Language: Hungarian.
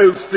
El